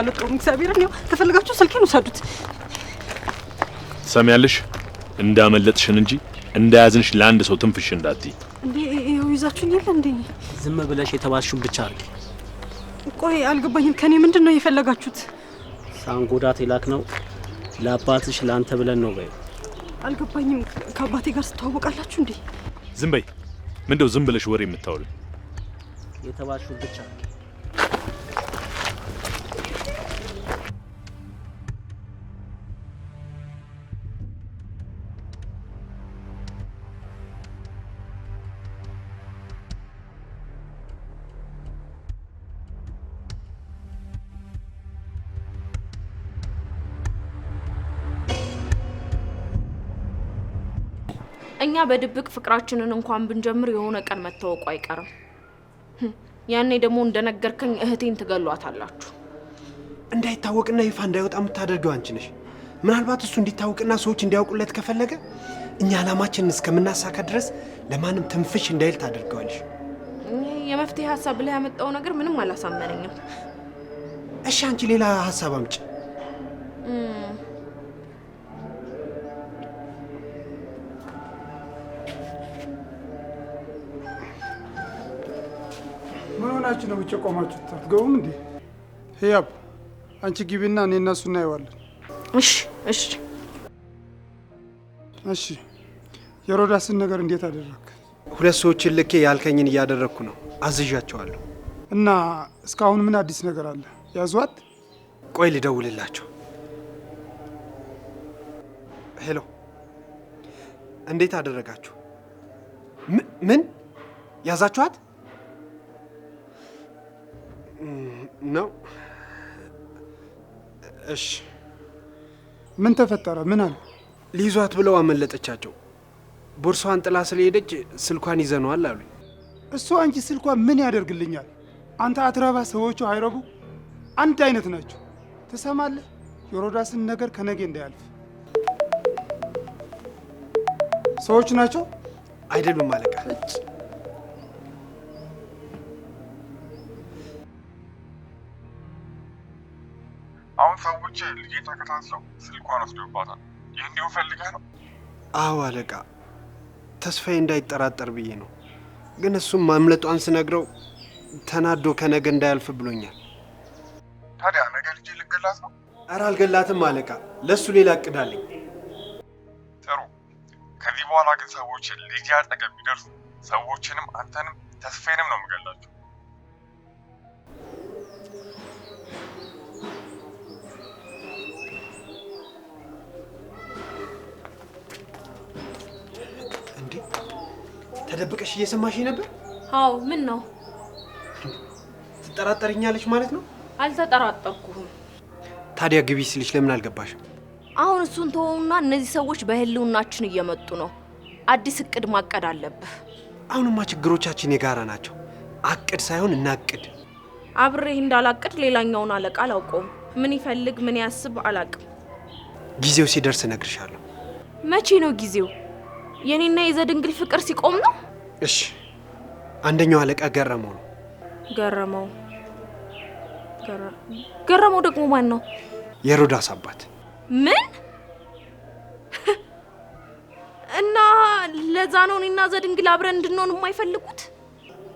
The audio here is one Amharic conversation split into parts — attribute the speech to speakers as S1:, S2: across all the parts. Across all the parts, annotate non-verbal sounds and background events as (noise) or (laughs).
S1: አልወጣሁም። እግዚአብሔርን ያው ስልኬን ውሰዱት።
S2: ሰሚያለሽ፣ እንዳመለጥሽን እንጂ እንዳያዝንሽ ለአንድ ሰው ትንፍሽ እንዳትይ።
S1: እንዴ እንዴ?
S3: ዝም ብለሽ የተባልሽውን ብቻ አድርጊ።
S1: ቆይ አልገባኝም። ከኔ ምንድን ነው የፈለጋችሁት?
S3: ሳንጎዳት የላክ ነው ለአባትሽ ለአንተ ብለን ነው በይ።
S1: አልገባኝም። ከአባቴ ጋር ስተዋወቃላችሁ እንዴ?
S2: ዝም በይ። ምንድነው ዝም ብለሽ ወሬ
S3: የተባልሽውን ብቻ
S1: በድብቅ ፍቅራችንን እንኳን ብንጀምር የሆነ ቀን መታወቁ አይቀርም። ያኔ ደግሞ እንደነገርከኝ እህቴን ትገሏታላችሁ።
S4: እንዳይታወቅና ይፋ እንዳይወጣ የምታደርገው አንቺ ነሽ። ምናልባት እሱ እንዲታወቅና ሰዎች እንዲያውቁለት ከፈለገ እኛ ዓላማችንን እስከምናሳካ ድረስ ለማንም ትንፍሽ እንዳይል ታደርገዋለሽ።
S1: የመፍትሄ ሀሳብ ብለህ ያመጣው ነገር ምንም አላሳመነኝም።
S4: እሺ አንቺ ሌላ ሀሳብ አምጪ።
S5: ሆናችሁ ነው ብቻ ቆማችሁ አትገቡም እንዴ? ህያብ አንቺ ግቢና እኔ እና እናየዋለን።
S1: እሺ እሺ
S5: እሺ። የሮዳስን ነገር እንዴት አደረግ?
S4: ሁለት ሰዎችን ልኬ ያልከኝን እያደረግኩ ነው። አዝዣቸዋለሁ።
S5: እና እስካሁን ምን አዲስ ነገር አለ? ያዟት።
S4: ቆይ ልደውልላቸው። ሄሎ፣ እንዴት አደረጋችሁ? ምን ያዛችኋት? ነው። mm, እሺ
S5: ምን ተፈጠረ? ምን አለ?
S4: ሊይዟት ብለው አመለጠቻቸው። ቦርሷን ጥላ ስለሄደች ስልኳን ይዘነዋል አሉ።
S5: እሱ አንቺ ስልኳን ምን ያደርግልኛል? አንተ አትረባ፣ ሰዎቹ አይረቡ፣ አንድ አይነት ናቸው። ትሰማለህ? የሮዳስን ነገር ከነጌ እንዳያልፍ። ሰዎች ናቸው
S4: አይደሉም አለቃ
S6: ሰዎች ልጄን ተከታትለው ስልኳን ወስደውባታል። ይህ እንዲሁ ፈልገህ ነው?
S4: አዎ አለቃ፣ ተስፋዬ እንዳይጠራጠር ብዬ ነው። ግን እሱም ማምለጧን ስነግረው ተናዶ ከነገ እንዳያልፍ ብሎኛል።
S6: ታዲያ ነገ ልጄ ልገላት ነው?
S4: ኧረ አልገላትም አለቃ፣ ለእሱ ሌላ እቅዳለኝ።
S6: ጥሩ። ከዚህ በኋላ ግን ሰዎች ልጄ አጠገብ ቢደርሱ ሰዎችንም አንተንም ተስፋዬንም ነው የምገላቸው።
S4: ተደብቀሽ እየሰማሽ ነበር? አዎ። ምን ነው ትጠራጠርኛለሽ ማለት ነው?
S1: አልተጠራጠርኩህም።
S4: ታዲያ ግቢ ስልሽ ለምን አልገባሽ?
S1: አሁን እሱን ተወውና፣ እነዚህ ሰዎች በህልውናችን እየመጡ ነው። አዲስ እቅድ ማቀድ አለብህ።
S4: አሁንማ ችግሮቻችን የጋራ ናቸው። አቅድ ሳይሆን እናቅድ።
S1: አብሬ እንዳላቅድ ሌላኛውን አለቃ አላውቀውም። ምን ይፈልግ ምን ያስብ አላቅም።
S4: ጊዜው ሲደርስ እነግርሻለሁ።
S1: መቼ ነው ጊዜው? የኔና የዘድንግል ፍቅር ሲቆም ነው።
S4: እሺ፣ አንደኛው አለቃ ገረመው ነው።
S1: ገረመው ገረመው ደግሞ ማን ነው?
S4: የሮዳስ አባት።
S1: ምን እና ለዛ ነው እኔና ዘድንግል አብረን እንድንሆን የማይፈልጉት?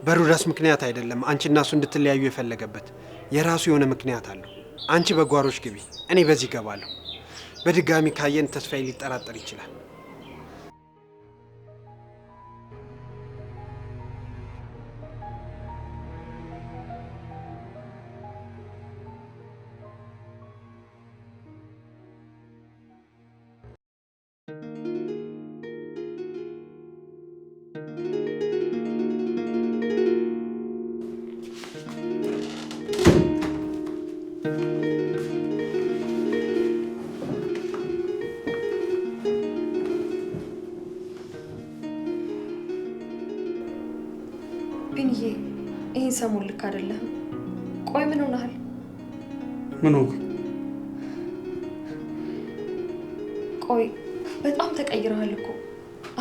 S4: በሮዳስ ምክንያት አይደለም አንቺና እሱ እንድትለያዩ የፈለገበት የራሱ የሆነ ምክንያት አለው። አንቺ በጓሮች ግቢ፣ እኔ በዚህ ገባለሁ። በድጋሚ ካየን ተስፋዬ ሊጠራጠር ይችላል።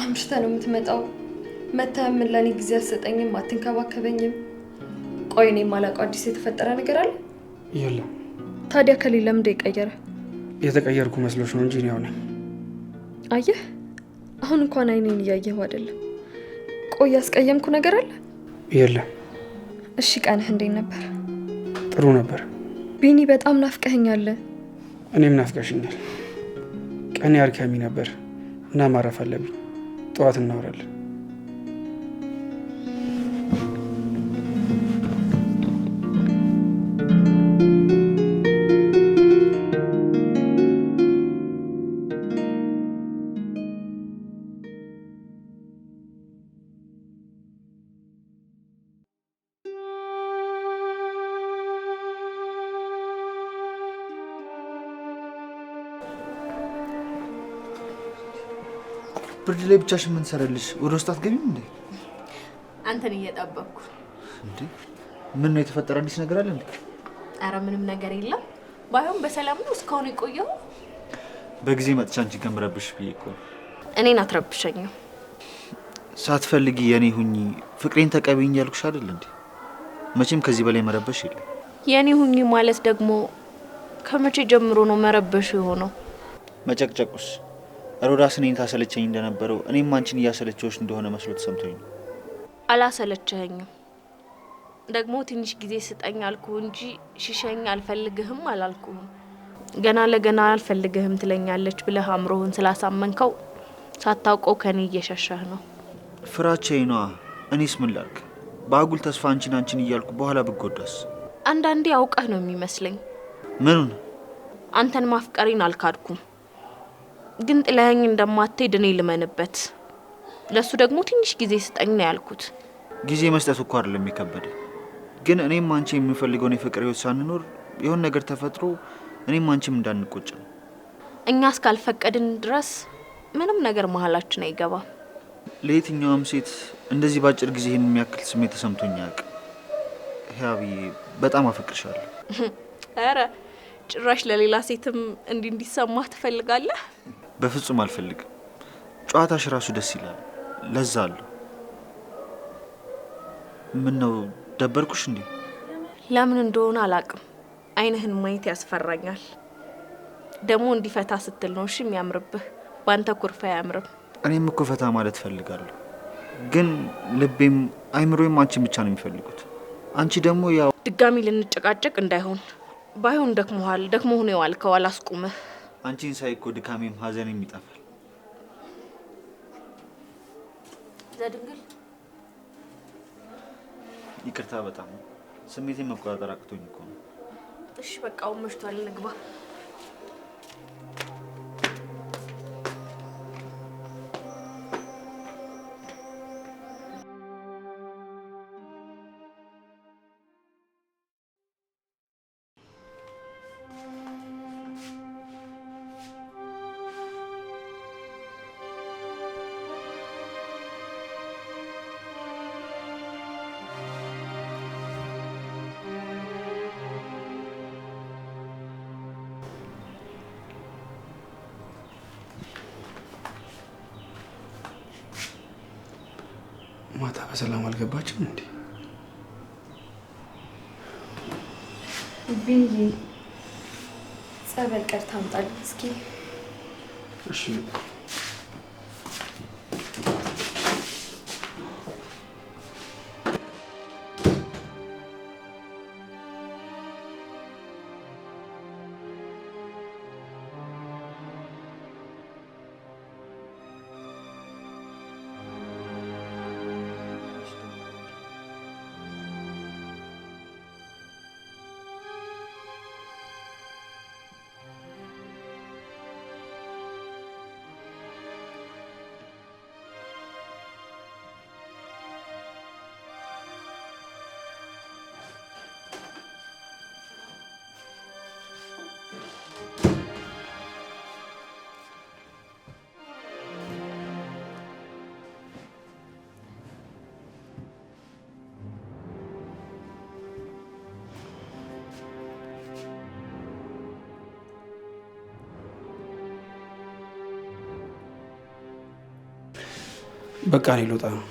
S1: አምሽተ ነው የምትመጣው። መታየም ለእኔ ጊዜ አትሰጠኝም፣ አትንከባከበኝም። ቆይ እኔ የማላውቀው አዲስ የተፈጠረ ነገር አለ? የለም። ታዲያ ከሌለ ምንድ የቀየረ?
S4: የተቀየርኩ መስሎች ነው እንጂ እኔ ያው ነኝ።
S1: አየህ፣ አሁን እንኳን አይኔን እያየው አይደለም። ቆይ ያስቀየምኩ ነገር አለ? የለም። እሺ፣ ቀንህ እንዴት ነበር? ጥሩ ነበር። ቢኒ፣ በጣም ናፍቀኸኛል።
S4: እኔም ናፍቀሽኛል። ቀኔ አድካሚ ነበር እና ማረፍ አለብኝ። ጠዋት እናወራለን። ብርድ ላይ ብቻሽን ምን ወደ ውስጥ አትገቢም እንዴ?
S1: አንተን እየጠበቅኩ
S4: እንዴ። ምን ነው የተፈጠረ? አዲስ ነገር አለ እንዴ?
S1: አረ ምንም ነገር የለም። ባይሆን በሰላም ነው እስካሁን የቆየው።
S4: በጊዜ መጥቻ አንቺ ገምረብሽ ብዬ እኮ
S1: እኔን አትረብሸኝ።
S4: ሳትፈልጊ የኔ ሁኚ ፍቅሬን ተቀበይኝ ያልኩሽ አይደል እንዴ? መቼም ከዚህ በላይ መረበሽ የለም።
S1: የኔ ሁኚ ማለት ደግሞ ከመቼ ጀምሮ ነው መረበሽ የሆነው?
S4: መጨቅጨቁስ ሮዳስ እኔን ታሰለቸኝ እንደነበረው እኔም አንቺን እያሰለቸዎች እንደሆነ መስሎ ተሰምቶኝ
S1: ነው። ደግሞ ትንሽ ጊዜ ስጠኝ አልኩ እንጂ ሽሸኝ አልፈልግህም አላልኩም። ገና ለገና አልፈልግህም ትለኛለች ብለህ አእምሮህን ስላሳመንከው ሳታውቀው ከኔ እየሸሸህ ነው።
S4: ፍራቼ ነዋ። እኔስ ምን በአጉል ተስፋ አንቺን አንቺን እያልኩ በኋላ ብጎዳስ?
S1: አንዳንዴ አውቀህ ነው የሚመስለኝ። ምኑን? አንተን ማፍቀሬን አልካድኩም ግን ጥለኸኝ እንደማትሄድ እኔ ልመንበት። ለእሱ ደግሞ ትንሽ ጊዜ ስጠኝ ነው ያልኩት።
S4: ጊዜ መስጠት እኮ አይደለም የሚከበደ፣ ግን እኔም አንቺ የምንፈልገውን የፍቅር ህይወት ሳንኖር የሆን ነገር ተፈጥሮ እኔም አንቺም እንዳንቆጭ ነው።
S1: እኛ እስካልፈቀድን ድረስ ምንም ነገር መሀላችን አይገባም።
S4: ለየትኛውም ሴት እንደዚህ በአጭር ጊዜ ይህን የሚያክል ስሜት ተሰምቶኝ ያቅ ህያብዬ በጣም አፈቅርሻለሁ።
S1: ኧረ ጭራሽ ለሌላ ሴትም እንዲህ እንዲሰማህ ትፈልጋለህ?
S4: በፍጹም አልፈልግም። ጨዋታሽ ራሱ ደስ ይላል። ለዛ አለሁ። ምን ነው ደበርኩሽ እንዴ?
S1: ለምን እንደሆነ አላቅም። አይንህን ማየት ያስፈራኛል። ደግሞ እንዲፈታ ስትል ነው እሺ የሚያምርብህ። ባንተ ኩርፋ አያምርም።
S4: እኔም እኮ ፈታ ማለት እፈልጋለሁ፣ ግን ልቤም አይምሮም አንቺን ብቻ ነው የሚፈልጉት። አንቺ ደግሞ ያው
S1: ድጋሚ ልንጨቃጨቅ እንዳይሆን። ባይሆን ደክመሃል። ደክሞ ሆኖ የዋልከው አላስቁምህ
S4: አንቺን ሳይ እኮ ድካሜም ሀዘንም ይጠፋል። ዘድንግል ይቅርታ፣ በጣም ስሜቴን መቆጣጠር አቅቶኝ እኮ ነው።
S1: እሺ በቃ አሁን መሽቷል፣ እንግባ።
S4: በሰላም አልገባችም እንዴ?
S1: ብዬ ጸበል ቀርታ አምጣልኝ እስኪ።
S4: እሺ በቃ እኔ ልውጣ ነው።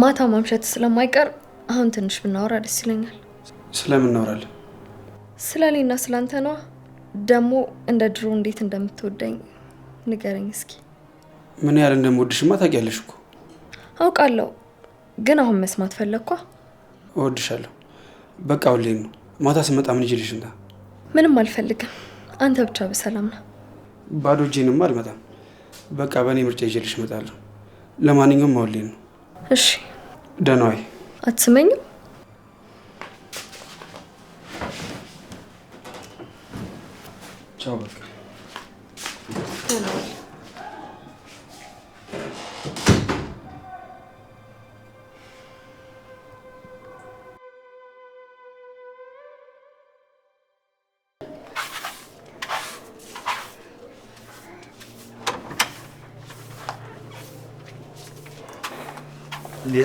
S1: ማታ ማምሸት ስለማይቀር አሁን ትንሽ ብናወራ ደስ ይለኛል።
S4: ስለምናወራለን?
S1: ስለ እኔና ስለ አንተ ነዋ። ደግሞ እንደ ድሮ እንዴት እንደምትወደኝ ንገረኝ እስኪ።
S4: ምን ያህል እንደምወድሽማ ታውቂያለሽ እኮ።
S1: አውቃለሁ፣ ግን አሁን መስማት ፈለግኳ።
S4: እወድሻለሁ። በቃ ሁሌም ነው። ማታ ስመጣ ምን ይችልሽ?
S1: ምንም አልፈልግም። አንተ ብቻ በሰላም ነው።
S4: ባዶ እጄንማ አልመጣም። በቃ በእኔ ምርጫ ይዤልሽ እመጣለሁ። ለማንኛውም አውሌ ነው። እሺ ደህና ዋይ። አትስመኝም?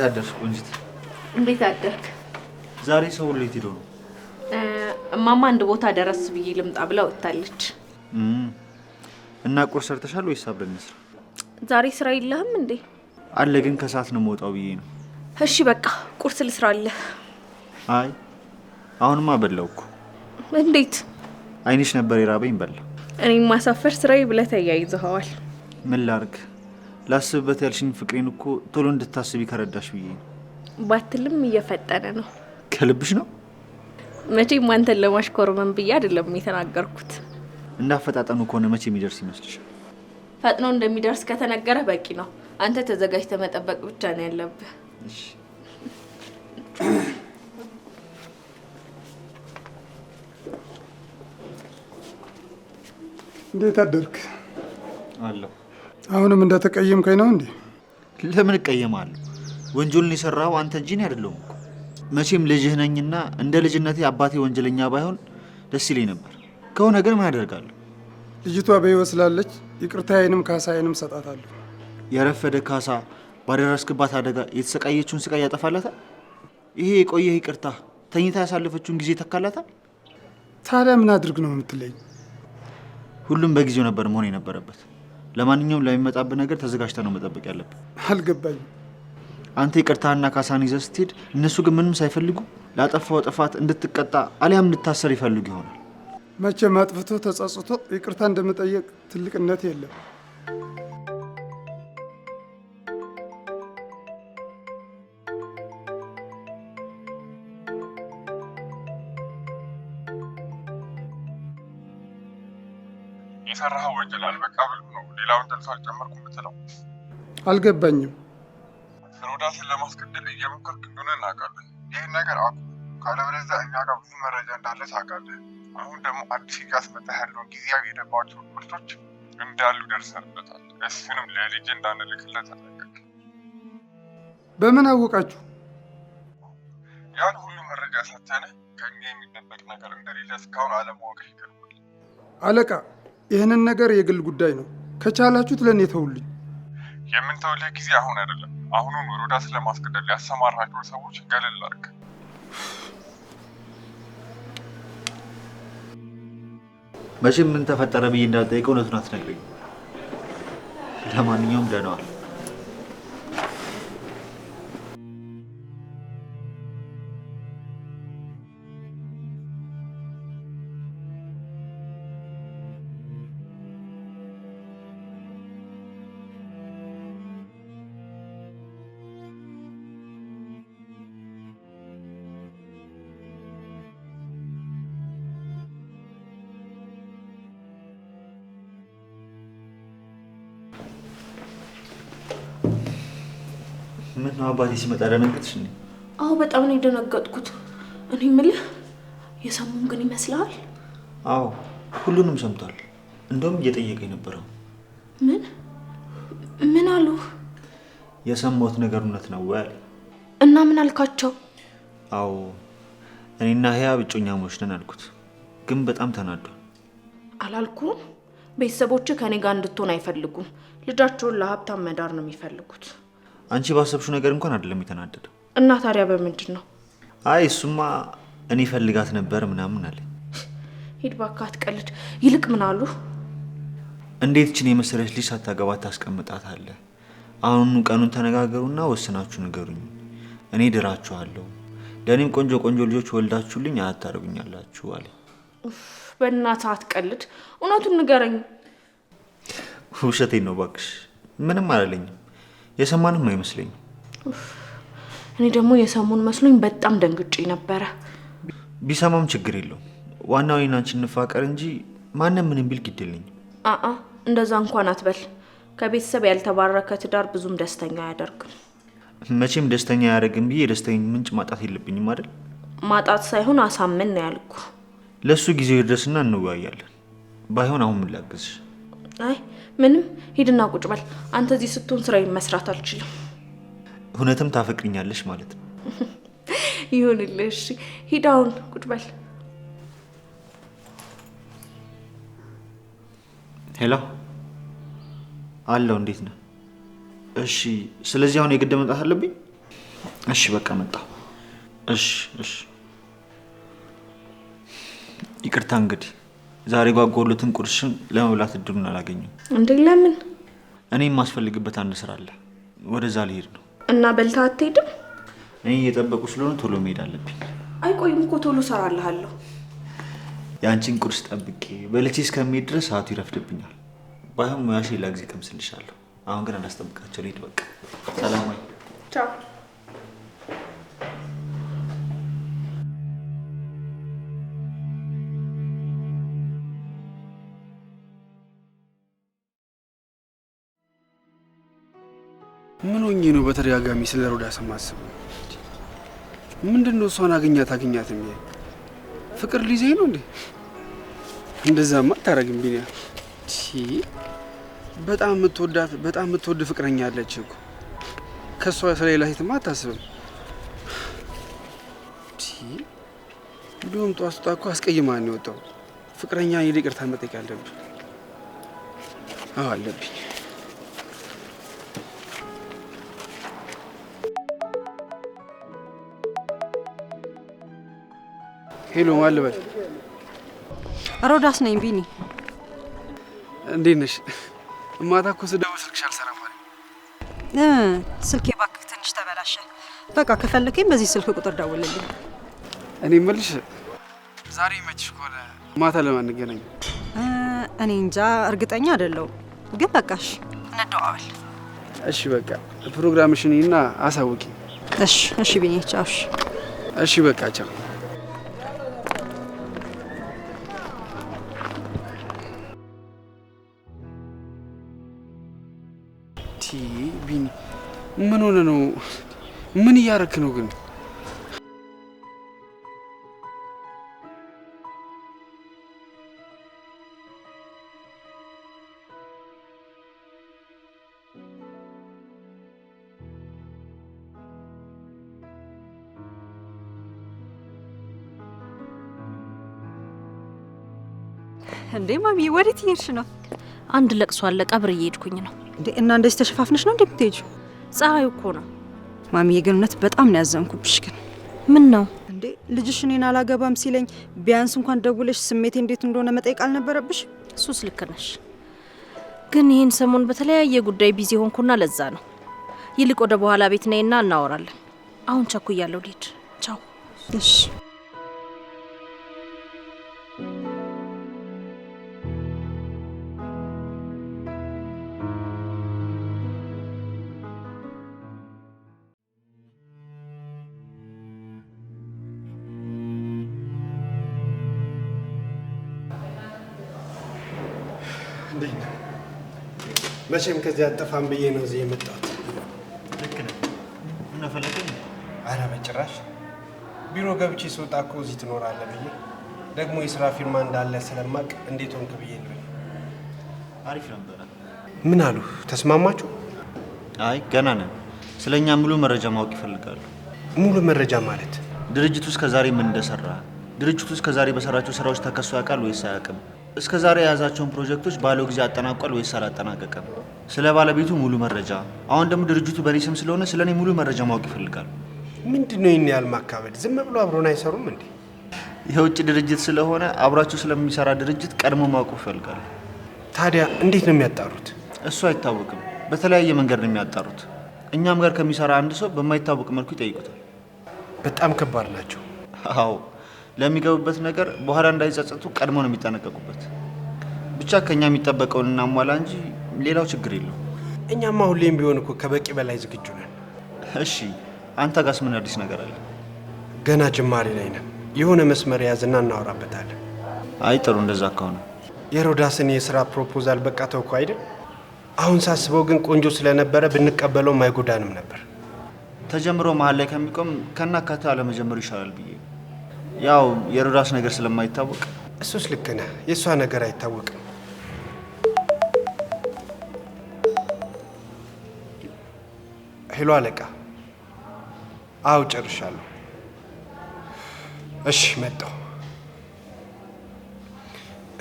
S4: እንዴት አደርሽ ቆንጂት?
S1: እንዴት አደርክ?
S4: ዛሬ ሰው ሁሉ የት ሄዶ ነው?
S1: እማማ አንድ ቦታ ደረስ ብዬ ልምጣ ብላ ወጥታለች።
S4: እና ቁርስ ሰርተሻል ወይስ አብረን እንስራ?
S1: ዛሬ ስራ የለህም እንዴ?
S4: አለ ግን ከሰዓት ነው መውጣው ብዬ ነው።
S1: እሺ በቃ ቁርስ ልስራ አለ።
S4: አይ አሁንማ በላው እኮ። እንዴት? አይንሽ ነበር የራበኝ በላ።
S1: እኔ ማሳፈር ስራዬ ብለህ ተያይዘኸዋል።
S4: ምን ላርግ ላስብበት ያልሽኝ ፍቅሬን እኮ ቶሎ እንድታስቢ ከረዳሽ ብዬ ነው።
S1: ባትልም እየፈጠነ ነው። ከልብሽ ነው? መቼም አንተን ለማሽኮርመን ብዬ አይደለም የተናገርኩት።
S4: እንዳፈጣጠኑ ከሆነ መቼ የሚደርስ ይመስልሻል?
S1: ፈጥኖ እንደሚደርስ ከተነገረ በቂ ነው። አንተ ተዘጋጅተህ መጠበቅ ብቻ ነው ያለብህ።
S5: እንዴት አደርክ? አለሁ አሁንም እንደተቀየምከኝ ነው እንዴ?
S4: ለምን እቀየማለሁ? ወንጀሉን የሰራው አንተ እንጂ እኔ አይደለሁም። መቼም ልጅህ ነኝና እንደ ልጅነቴ አባቴ ወንጀለኛ ባይሆን ደስ ይለኝ ነበር። ከሆነ ግን ምን አደርጋለሁ?
S5: ልጅቷ በሕይወት ስላለች ይቅርታዬንም ካሳዬንም ሰጣታለሁ።
S4: የረፈደ ካሳ ባደረስክባት አደጋ የተሰቃየችውን ስቃይ ያጠፋላታል። ይሄ የቆየ ይቅርታ ተኝታ ያሳለፈችውን ጊዜ ይተካላታል።
S5: ታዲያ ምን አድርግ ነው የምትለኝ?
S4: ሁሉም በጊዜው ነበር መሆን የነበረበት። ለማንኛውም ለሚመጣብህ ነገር ተዘጋጅተ ነው መጠበቅ ያለብህ። አልገባኝም። አንተ ይቅርታና ካሳን ይዘህ ስትሄድ እነሱ ግን ምንም ሳይፈልጉ ላጠፋው ጥፋት እንድትቀጣ አሊያም እንድታሰር ይፈልጉ ይሆናል።
S5: መቼም አጥፍቶ ተጸጽቶ ይቅርታ እንደመጠየቅ ትልቅነት የለም።
S6: የሰራኸው ወንጀል አልበቃ ብሎ ሌላውን ተልፋ አልጨመርኩም የምትለው
S5: አልገባኝም።
S6: ሮዳስን ለማስገደል እየሞከርክ እንደሆነ እናውቃለን። ይህን ነገር አቁም፣ ካለበለዚያ እኛ ጋር ብዙ መረጃ እንዳለ ታውቃለህ። አሁን ደግሞ አዲስ እያስመጣ ያለውን ጊዜያዊ የደባቸው ምርቶች እንዳሉ ደርሰንበታል። እሱንም ለልጅ እንዳንልክለት አደረገ።
S5: በምን አወቃችሁ?
S6: ያን ሁሉ መረጃ ሰተነ ከኛ የሚደበቅ ነገር እንደሌለ እስካሁን አለማወቅህ ይገርማል።
S5: አለቃ፣ ይህንን ነገር የግል ጉዳይ ነው ከቻላችሁት ለእኔ ተውልኝ።
S6: የምንተውልህ ጊዜ አሁን አይደለም። አሁኑን ሮዳስ ለማስገደል ያሰማራቸውን ሰዎች ገለል አድርግ።
S4: መቼም ምን ተፈጠረ ብዬ እንዳልጠይቀው እውነቱን አትነግረኝ። ለማንኛውም ደህና ዋል። ምን ነው አባቴ ሲመጣ ደነገጥሽ እንዴ?
S1: አዎ በጣም ነው የደነገጥኩት። እኔ የምልህ የሰሙን ግን ይመስላል?
S4: አዎ ሁሉንም ሰምቷል። እንደውም እየጠየቀ የነበረው
S1: ምን ምን አሉ?
S4: የሰማሁት ነገር እውነት ነው ወይ
S1: እና ምን አልካቸው?
S4: አዎ እኔና ህያ እጮኛሞች ነን አልኩት፣ ግን በጣም ተናዷል።
S1: አላልኩም ቤተሰቦች ከኔ ጋር እንድትሆን አይፈልጉም። ልጃቸውን ለሀብታም መዳር ነው የሚፈልጉት።
S4: አንቺ ባሰብሽው ነገር እንኳን አይደለም የተናደደው።
S1: እና ታዲያ በምንድን ነው?
S4: አይ እሱማ እኔ ፈልጋት ነበር ምናምን አለ።
S1: ሂድ እባክህ አትቀልድ። ይልቅ ምን አሉ?
S4: እንዴት ችን የመሰለች ልጅ ሳታገባ ታስቀምጣት አለ። አሁኑ ቀኑን ተነጋገሩና ወስናችሁ ንገሩኝ። እኔ ድራችኋለሁ። ለእኔም ቆንጆ ቆንጆ ልጆች ወልዳችሁልኝ አያታደርጉኛላችሁ አለ።
S1: በእናትህ አትቀልድ፣ እውነቱን ንገረኝ።
S4: ውሸቴን ነው እባክሽ፣ ምንም አላለኝም። የሰማንም ነው ይመስለኝ።
S1: እኔ ደግሞ የሰሙን መስሎኝ በጣም ደንግጬ ነበረ።
S4: ቢሰማም ችግር የለውም። ዋናው እኔና አንቺ እንፋቀር እንጂ ማንም ምንም ቢል ግድ የለኝም።
S1: አአ እንደዛ እንኳን አትበል። ከቤተሰብ ያልተባረከ ትዳር ብዙም ደስተኛ አያደርግም።
S4: መቼም ደስተኛ አያደርግም ብዬ የደስተኝ ምንጭ ማጣት የለብኝም አይደል?
S1: ማጣት ሳይሆን አሳምን ነው ያልኩ።
S4: ለእሱ ጊዜው ይድረስና እንወያያለን። ባይሆን አሁን ምን ላግዝሽ?
S1: አይ ምንም ሂድና ቁጭ በል። አንተ እዚህ ስትሆን ስራዊ መስራት አልችልም።
S4: እውነትም ታፈቅኛለሽ ማለት ነው? (laughs)
S1: ይሁንልሽ። ሂድ አሁን ቁጭ በል።
S4: ሄሎ አለው። እንዴት ነህ? እሺ። ስለዚህ አሁን የግድ መምጣት አለብኝ? እሺ፣ በቃ መጣሁ። እሺ፣ እሺ። ይቅርታ እንግዲህ ዛሬ ጓጓሁለትን ቁርስሽን ለመብላት እድሉን አላገኘም። እንዴ ለምን? እኔ የማስፈልግበት አንድ ስራ አለ። ወደዛ ልሄድ ነው።
S1: እና በልታ አትሄድም?
S4: እኔ እየጠበቁ ስለሆነ ቶሎ መሄድ አለብኝ።
S1: አይቆይም እኮ ቶሎ ሰራልሃለሁ።
S4: የአንቺን ቁርስ ጠብቄ በልቼ እስከሚሄድ ድረስ ሰዓቱ ይረፍድብኛል። ባይሆን ሙያሽ ሌላ ጊዜ ቀምስልሻለሁ። አሁን ግን አላስጠብቃቸው ልሄድ። በቃ ሰላም። ቻው ምን ሆኜ ነው በተደጋጋሚ ስለ ሮዳስ ማስብ? ምንድን ነው እሷን አገኛት አገኛት የሚል ፍቅር ሊዜ ነው እንዴ? እንደዛማ አታረግም ቢኒያ። በጣም የምትወዳት በጣም የምትወድ ፍቅረኛ አለች እኮ ከእሷ ስለሌላ ሴትማ አታስብም። እንዲሁም ጧት ስጧ እኮ ነው የወጣው ፍቅረኛ ይቅርታ መጠየቅ አለብኝ። አዎ አለብኝ። ሄሎ ማን ልበል?
S1: ሮዳስ ነኝ። ቢኒ
S4: እንዴት ነሽ? እማታ እኮ ስደውል ስልክሽ አልሰራም አለኝ።
S1: ስልኬ እባክህ ትንሽ ተበላሸ። በቃ ከፈለከኝ በዚህ ስልክ ቁጥር ደውልልኝ።
S4: እኔ እምልሽ ዛሬ ይመችሽ ከሆነ ማታ ለማን እንገናኝ?
S1: እኔ እንጃ እርግጠኛ አይደለሁም፣ ግን በቃሽ እንደዋወል።
S4: እሺ በቃ ፕሮግራምሽን እና አሳውቂ።
S1: እሺ እሺ ቢኒ ቻውሽ።
S4: እሺ በቃ ቻው። ምን ሆነ ነው? ምን እያረክ ነው ግን?
S7: እንዴ ማሚ፣ ወዴት እየሄድሽ ነው? አንድ ለቅሶ አለ፣ ቀብር እየሄድኩኝ ነው።
S8: እና እንደዚህ ተሸፋፍነሽ ነው እንዴ የምትሄጂው?
S7: ፀሐይ እኮ ነው።
S8: ማሚዬ ግን እውነት በጣም ነው ያዘንኩብሽ። ግን ምን ነው እንዴ ልጅሽ እኔን አላገባም ሲለኝ ቢያንስ እንኳን ደውለሽ ስሜቴ እንዴት እንደሆነ መጠየቅ አልነበረብሽ?
S7: እሱስ ልክ ነሽ። ግን ይህን ሰሞን በተለያየ ጉዳይ ቢዚ ሆንኩና ለዛ ነው። ይልቅ ወደ በኋላ ቤት ነይና እናወራለን። አሁን ቸኩያለሁ ልሂድ። ቻው።
S8: እሺ
S4: መቼም ከዚህ አጠፋም ብዬ ነው እዚህ የመጣሁት።
S9: ልክ ነህ። እናፈለግን?
S4: አረ በጭራሽ ቢሮ ገብቼ ስወጣ እኮ እዚህ ትኖራለህ ብዬ ደግሞ የስራ ፊርማ እንዳለ ስለማቅ እንዴት ሆንክ ብዬ ነው። አሪፍ ነበረ። ምን አሉ? ተስማማችሁ?
S9: አይ ገና ነን። ስለ እኛ ሙሉ መረጃ ማወቅ ይፈልጋሉ።
S4: ሙሉ መረጃ ማለት
S9: ድርጅቱ እስከ ዛሬ ምን እንደሰራ፣ ድርጅቱ እስከ ዛሬ በሰራቸው ስራዎች ተከሶ ያውቃል ወይስ አያውቅም? እስከ ዛሬ የያዛቸውን ፕሮጀክቶች ባለው ጊዜ አጠናቋል ወይስ አላጠናቀቀም? ስለ ባለቤቱ ሙሉ መረጃ፣ አሁን ደግሞ ድርጅቱ በእኔ ስም ስለሆነ ስለ እኔ ሙሉ መረጃ ማወቅ ይፈልጋል።
S4: ምንድን ነው ይህን ያህል ማካበድ? ዝም ብሎ አብሮን አይሰሩም እንዴ?
S9: የውጭ ድርጅት ስለሆነ አብራቸው ስለሚሰራ ድርጅት ቀድሞ ማወቅ ይፈልጋል።
S4: ታዲያ እንዴት ነው የሚያጣሩት?
S9: እሱ አይታወቅም። በተለያየ መንገድ ነው የሚያጣሩት። እኛም ጋር ከሚሰራ አንድ ሰው በማይታወቅ መልኩ ይጠይቁታል።
S4: በጣም ከባድ ናቸው።
S9: አዎ ለሚገቡበት ነገር በኋላ እንዳይጸጸቱ ቀድሞ ነው የሚጠነቀቁበት። ብቻ ከኛ የሚጠበቀውን እናሟላ እንጂ ሌላው ችግር የለው።
S4: እኛማ ሁሌም ቢሆን እኮ ከበቂ በላይ ዝግጁ ነን።
S9: እሺ አንተ ጋስ ምን አዲስ ነገር አለ?
S4: ገና ጅማሬ ላይ ነን። የሆነ መስመር የያዝና እናወራበታለን።
S9: አይ ጥሩ፣ እንደዛ ከሆነ
S4: የሮዳስን የስራ ፕሮፖዛል በቃ ተውኩ አይደል? አሁን ሳስበው ግን ቆንጆ ስለነበረ ብንቀበለውም አይጎዳንም ነበር።
S9: ተጀምሮ መሀል ላይ ከሚቆም ከናካቴው አለመጀመሩ ይሻላል ብዬ ያው የሩዳስ ነገር ስለማይታወቅ
S4: እሱስ ልክ ነህ። የእሷ ነገር አይታወቅም። ሄሎ አለቃ። አው ጨርሻለሁ። እሺ መጣሁ።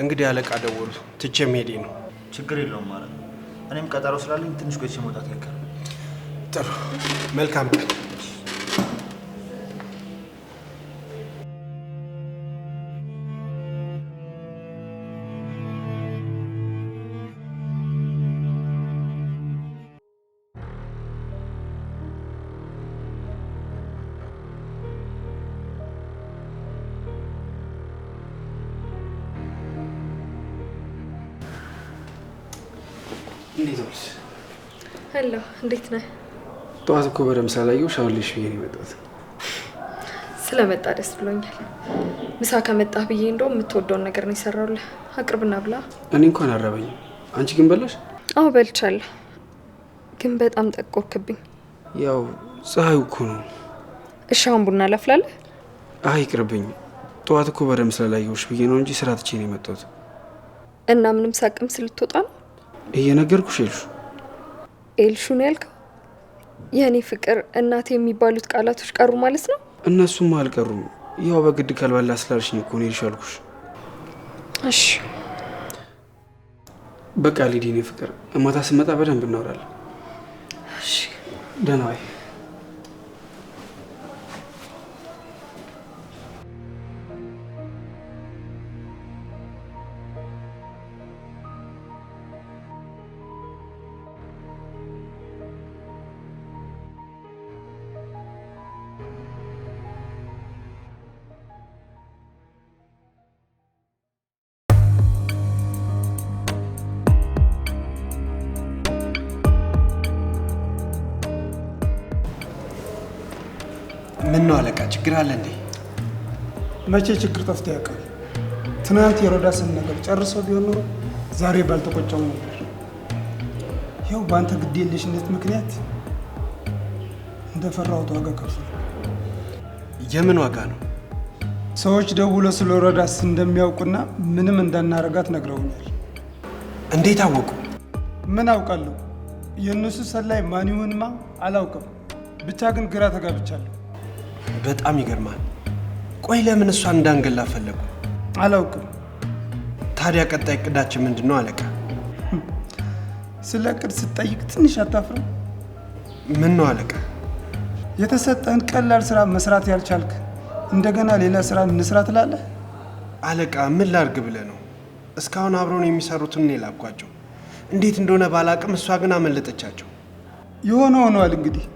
S4: እንግዲህ አለቃ ደወሉ። ትቼ መሄዴ ነው።
S9: ችግር የለውም ማለት ነው። እኔም ቀጠሮ ስላለኝ ትንሽ ቆይቼ መውጣት አይቀርም።
S4: ጥሩ፣ መልካም እንዴት
S10: ሄሎ፣ እንዴት ነህ?
S4: ጠዋት እኮ በደምብ ሳላየሁሽ አሁን ልሽ ነው የመጣሁት።
S10: ስለመጣ ደስ ብሎኛል። ምሳ ከመጣህ ብዬ እንደውም የምትወደውን ነገር ነው የሰራሁልህ። አቅርብና ብላ።
S4: እኔ እንኳን አራበኝም። አንቺ ግን በላሽ?
S10: አዎ በልቻለሁ፣ ግን በጣም ጠቆርክብኝ።
S4: ያው ፀሐዩ እኮ ነው።
S10: እሺ አሁን ቡና ላፍላለህ?
S4: አይ ይቅርብኝ። ጠዋት እኮ በደምብ ስላላየሁሽ ብዬ ነው እንጂ ስራ ትቼ ነው የመጣሁት።
S10: እና ምንም ሳቅም ስልትወጣ ነው
S4: እየነገርኩሽ ኤልሹ
S10: ኤልሹ ነው ያልከው? የእኔ ፍቅር እናቴ የሚባሉት ቃላቶች ቀሩ ማለት ነው?
S4: እነሱም አልቀሩም። ያው በግድ ከልባላ ስላልሽ እኮ ነው ኤልሹ ያልኩሽ። እሺ በቃ ሊዲ፣ እኔ ፍቅር እማታ ስመጣ በደንብ እናወራለን። ደህና ዋይ። ችግር አለ እንዴ?
S5: መቼ ችግር ጠፍቶ ያውቃል? ትናንት የሮዳስን ነገር ጨርሶ ቢሆን ኖሮ ዛሬ ባልተቆጨው ነበር። ያው በአንተ ግዴለሽነት ምክንያት እንደፈራሁት ዋጋ ከፍሏል።
S4: የምን ዋጋ ነው?
S5: ሰዎች ደውለ ስለ ሮዳስ እንደሚያውቁና ምንም እንዳናረጋት ነግረውኛል። እንዴት አወቁ? ምን አውቃለሁ። የእነሱ ሰላይ ማን ይሁንማ አላውቅም። ብቻ ግን ግራ ተጋብቻለሁ።
S4: በጣም ይገርማል። ቆይ ለምን እሷን እንዳንገላ ፈለጉ? አላውቅም። ታዲያ ቀጣይ እቅዳችን ምንድን ነው አለቃ?
S5: ስለ እቅድ ስትጠይቅ ትንሽ አታፍርም? ምን ነው አለቃ? የተሰጠህን ቀላል ስራ መስራት ያልቻልክ እንደገና ሌላ ስራ እንስራ ትላለህ?
S4: አለቃ ምን ላርግ ብለህ ነው? እስካሁን አብረውን የሚሰሩትን እኔ ላኳቸው። እንዴት እንደሆነ ባላቅም እሷ ግን አመለጠቻቸው።
S5: የሆነ ሆነዋል። እንግዲህ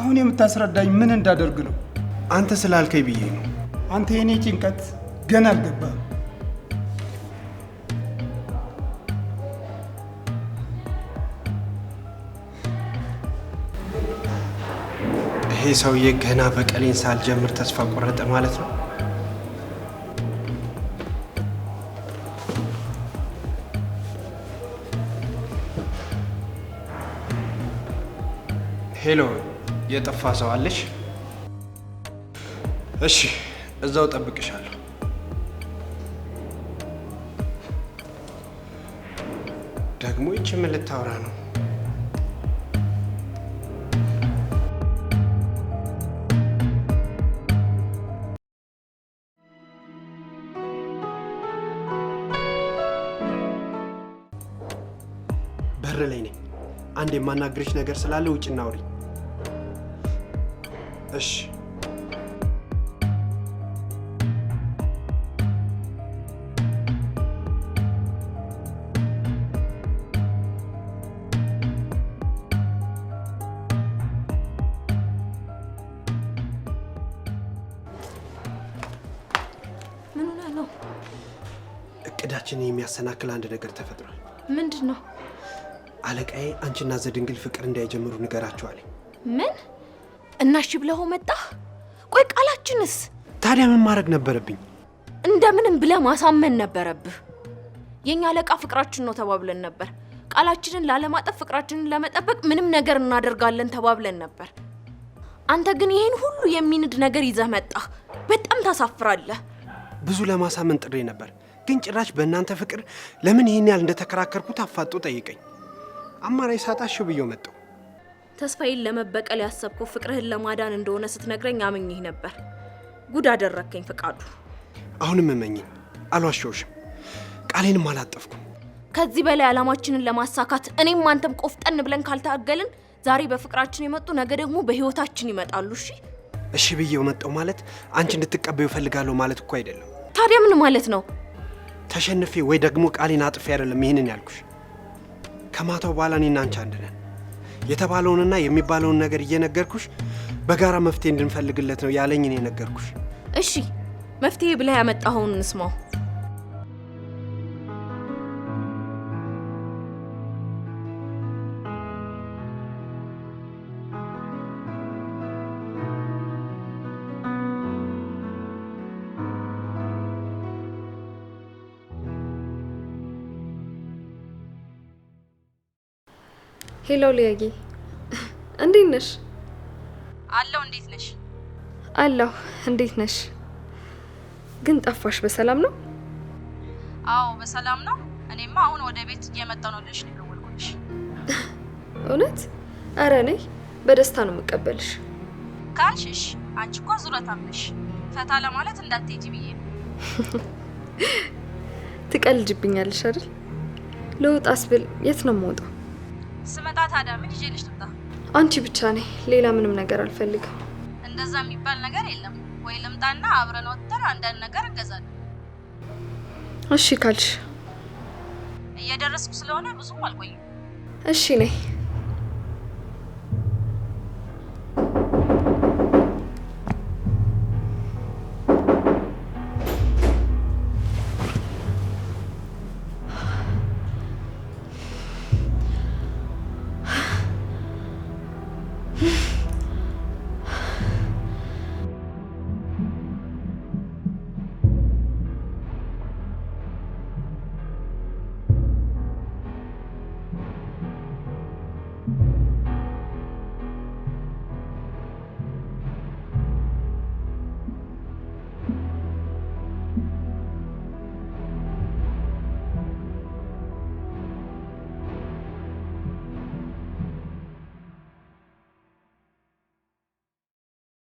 S5: አሁን የምታስረዳኝ ምን እንዳደርግ ነው?
S4: አንተ ስላልከኝ ብዬ ነው።
S5: አንተ የኔ ጭንቀት ገና አልገባም።
S4: ይሄ ሰውዬ ገና በቀሌን ሳልጀምር ተስፋ ቆረጠ ማለት ነው። ሄሎ፣ የጠፋ ሰው አለሽ? እሺ፣ እዛው ጠብቅሻለሁ። ደግሞ ይቺ ምን ልታወራ ነው? በር ላይ ነኝ። አንድ የማናግርሽ ነገር ስላለ ውጭ እናውሪ። እሺ የሚያሰናክል አንድ ነገር ተፈጥሯል። ምንድን ነው? አለቃዬ አንቺና ዘድንግል ፍቅር እንዳይጀምሩ ንገራቸው
S1: ምን? እና እሺ ብለኸው መጣህ? ቆይ ቃላችንስ?
S4: ታዲያ ምን ማድረግ ነበረብኝ?
S1: እንደምንም ብለህ ማሳመን ነበረብህ። የእኛ አለቃ ፍቅራችን ነው ተባብለን ነበር። ቃላችንን ላለማጠፍ ፍቅራችንን ለመጠበቅ ምንም ነገር እናደርጋለን ተባብለን ነበር። አንተ ግን ይህን ሁሉ የሚንድ ነገር ይዘህ መጣህ። በጣም ታሳፍራለህ።
S4: ብዙ ለማሳመን ጥሬ ነበር ግን ጭራሽ በእናንተ ፍቅር ለምን ይህን ያህል እንደተከራከርኩት አፋጦ ጠይቀኝ። አማራጭ ሳጣ እሺ ብዬ መጣሁ።
S1: ተስፋዬን ለመበቀል ያሰብኩ ፍቅርህን ለማዳን እንደሆነ ስትነግረኝ አመኝህ ነበር። ጉድ አደረግከኝ ፍቃዱ።
S4: አሁንም እመኝኝ፣ አሏሸውሽም ቃሌንም አላጠፍኩም።
S1: ከዚህ በላይ ዓላማችንን ለማሳካት እኔም አንተም ቆፍጠን ብለን ካልታገልን ዛሬ በፍቅራችን የመጡ ነገ ደግሞ በህይወታችን ይመጣሉ። እሺ
S4: እሺ ብዬው መጣው ማለት አንቺ እንድትቀበዩ እፈልጋለሁ ማለት እኮ አይደለም።
S1: ታዲያ ምን ማለት ነው?
S4: ተሸንፌ ወይ ደግሞ ቃሌን አጥፌ አይደለም ይህንን ያልኩሽ። ከማታው በኋላ እኔና አንቺ አንድ ነን። የተባለውንና የሚባለውን ነገር እየነገርኩሽ በጋራ መፍትሄ እንድንፈልግለት ነው ያለኝን የነገርኩሽ።
S1: እሺ መፍትሄ ብለህ ያመጣኸውን እንስማው።
S11: ሄሎ ሊያጊ፣ እንዴት ነሽ?
S12: አለሁ። እንዴት ነሽ?
S11: አለሁ። እንዴት ነሽ? ግን ጠፋሽ። በሰላም ነው?
S12: አዎ በሰላም ነው። እኔማ አሁን ወደ ቤት እየመጣ ነው ልልሽ ነው የደወልኩልሽ።
S11: እውነት? አረ እኔ በደስታ ነው የምቀበልሽ
S12: ካልሽሽ። አንቺ እኮ ዙረታም ነሽ። ፈታ ለማለት እንዳትሄጂ ብዬ ነው።
S11: ትቀልጅብኛለሽ አይደል? ልውጣ ስብል የት ነው የምወጣው?
S12: ስመጣ ታዲያ ምን ይዤልሽ ልምጣ?
S11: አንቺ ብቻ ነኝ፣ ሌላ ምንም ነገር አልፈልግም።
S12: እንደዛ የሚባል ነገር የለም ወይ? ልምጣና አብረን ወጥተን አንዳንድ ነገር እንገዛለን። እሺ ካልሽ። እየደረስኩ ስለሆነ ብዙም አልቆይም።
S11: እሺ ነይ።